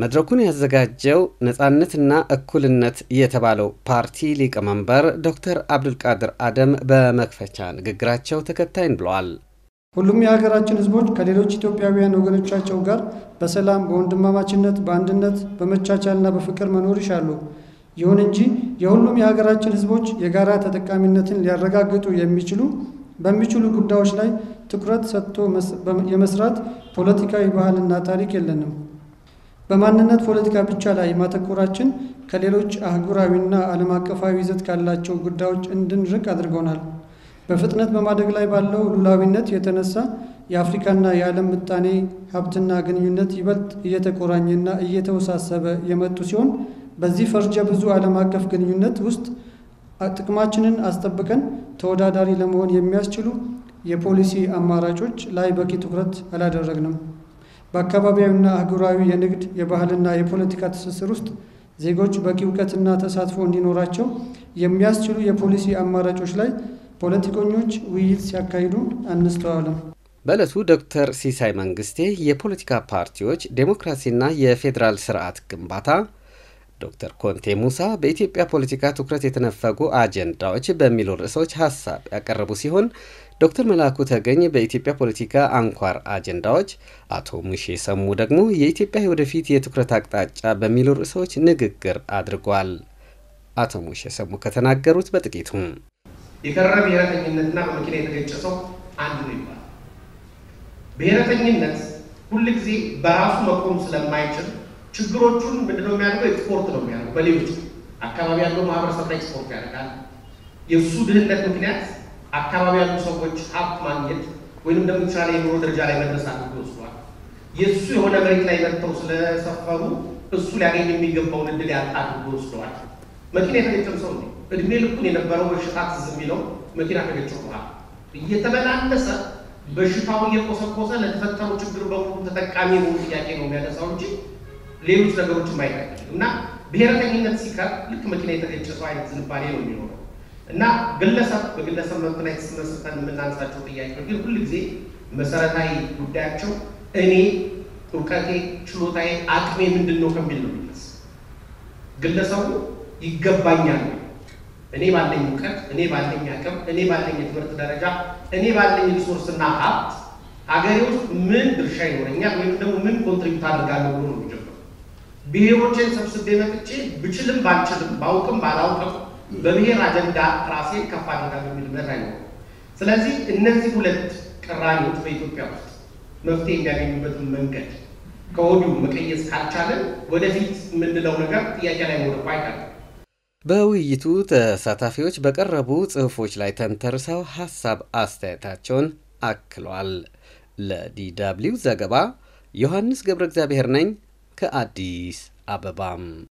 መድረኩን ያዘጋጀው ነጻነትና እኩልነት የተባለው ፓርቲ ሊቀመንበር ዶክተር አብዱልቃድር አደም በመክፈቻ ንግግራቸው ተከታይን ብለዋል። ሁሉም የሀገራችን ህዝቦች ከሌሎች ኢትዮጵያውያን ወገኖቻቸው ጋር በሰላም በወንድማማችነት፣ በአንድነት፣ በመቻቻልና በፍቅር መኖር ይሻሉ። ይሁን እንጂ የሁሉም የሀገራችን ህዝቦች የጋራ ተጠቃሚነትን ሊያረጋግጡ የሚችሉ በሚችሉ ጉዳዮች ላይ ትኩረት ሰጥቶ የመስራት ፖለቲካዊ ባህልና ታሪክ የለንም። በማንነት ፖለቲካ ብቻ ላይ ማተኮራችን ከሌሎች አህጉራዊና ዓለም አቀፋዊ ይዘት ካላቸው ጉዳዮች እንድንርቅ አድርጎናል። በፍጥነት በማደግ ላይ ባለው ሉላዊነት የተነሳ የአፍሪካና የዓለም ምጣኔ ሀብትና ግንኙነት ይበልጥ እየተቆራኘና እየተወሳሰበ የመጡ ሲሆን በዚህ ፈርጀ ብዙ ዓለም አቀፍ ግንኙነት ውስጥ ጥቅማችንን አስጠብቀን ተወዳዳሪ ለመሆን የሚያስችሉ የፖሊሲ አማራጮች ላይ በቂ ትኩረት አላደረግንም። በአካባቢያዊና አህጉራዊ የንግድ የባህልና የፖለቲካ ትስስር ውስጥ ዜጎች በቂ እውቀትና ተሳትፎ እንዲኖራቸው የሚያስችሉ የፖሊሲ አማራጮች ላይ ፖለቲከኞች ውይይት ሲያካሂዱ አንስተዋልም። በእለቱ ዶክተር ሲሳይ መንግስቴ የፖለቲካ ፓርቲዎች ዴሞክራሲና የፌዴራል ስርዓት ግንባታ፣ ዶክተር ኮንቴ ሙሳ በኢትዮጵያ ፖለቲካ ትኩረት የተነፈጉ አጀንዳዎች በሚሉ ርዕሶች ሀሳብ ያቀረቡ ሲሆን ዶክተር መላኩ ተገኝ በኢትዮጵያ ፖለቲካ አንኳር አጀንዳዎች፣ አቶ ሙሼ ሰሙ ደግሞ የኢትዮጵያ የወደፊት የትኩረት አቅጣጫ በሚሉ ርዕሶች ንግግር አድርጓል። አቶ ሙሼ ሰሙ ከተናገሩት በጥቂቱ የከረረ ብሔረተኝነትና በመኪና የተገጨ ሰው አንዱ ነው ይባላል። ብሔረተኝነት ጊዜ በራሱ መቆም ስለማይችል ችግሮቹን ምንድነው የሚያደርገው? ኤክስፖርት ነው የሚያደርገው። በሌሎች አካባቢ ያለው ማህበረሰብ ላይ ኤክስፖርት ያደርጋል። የእሱ ድህነት ምክንያት አካባቢ ያሉ ሰዎች ሀብት ማግኘት ወይም ደግሞ የተሻለ የኑሮ ደረጃ ላይ መድረስ አድርጎ ወስዷል። የእሱ የሆነ መሬት ላይ መጥተው ስለሰፈሩ እሱ ሊያገኝ የሚገባውን እድል ያጣ አድርጎ ወስደዋል። መኪና የተገጨም ሰው ነው። እድሜ ልኩን የነበረው በሽታ ትዝ የሚለው መኪና ተገጨ በኋላ እየተመላለሰ በሽታው እየቆሰቆሰ ለተፈጠረው ችግር በሙሉ ተጠቃሚ የሆኑ ጥያቄ ነው የሚያነሳው እንጂ ሌሎች ነገሮችን ማይታል እና ብሔረተኝነት ሲከር ልክ መኪና የተገጨ ሰው አይነት ዝንባሌ ነው የሚኖረው። እና ግለሰብ በግለሰብ መብት ላይ ተመስርተን የምናነሳቸው ጥያቄዎች ግን ጊዜ መሰረታዊ ጉዳያቸው እኔ እውቀቴ፣ ችሎታዬ፣ አቅሜ ምንድን ነው ከሚል ነው የሚነሳ። ግለሰቡ ይገባኛል እኔ ባለኝ እውቀት፣ እኔ ባለኝ አቅም፣ እኔ ባለኝ የትምህርት ደረጃ፣ እኔ ባለኝ ሪሶርስና ሀብት ሀገሬ ውስጥ ምን ድርሻ ይኖረኛል ወይም ደግሞ ምን ኮንትሪቢዩት አድርጋለሁ ብሎ ነው የሚጀምረው። ብሔሮችን ሰብስቤ መጥቼ ብችልም ባልችልም ባውቅም ባላውቅም በብሔር አጀንዳ ራሴ ከፍ አደርጋለሁ የሚል እምነት አይኖርም። ስለዚህ እነዚህ ሁለት ቅራኔዎች በኢትዮጵያ ውስጥ መፍትሄ የሚያገኙበትን መንገድ ከወዲሁ መቀየስ ካልቻለን ወደፊት የምንለው ነገር ጥያቄ ላይ መውደቁ አይቀርም። በውይይቱ ተሳታፊዎች በቀረቡ ጽሑፎች ላይ ተንተርሰው ሀሳብ አስተያየታቸውን አክለዋል። ለዲደብሊው ዘገባ ዮሐንስ ገብረ እግዚአብሔር ነኝ ከአዲስ አበባም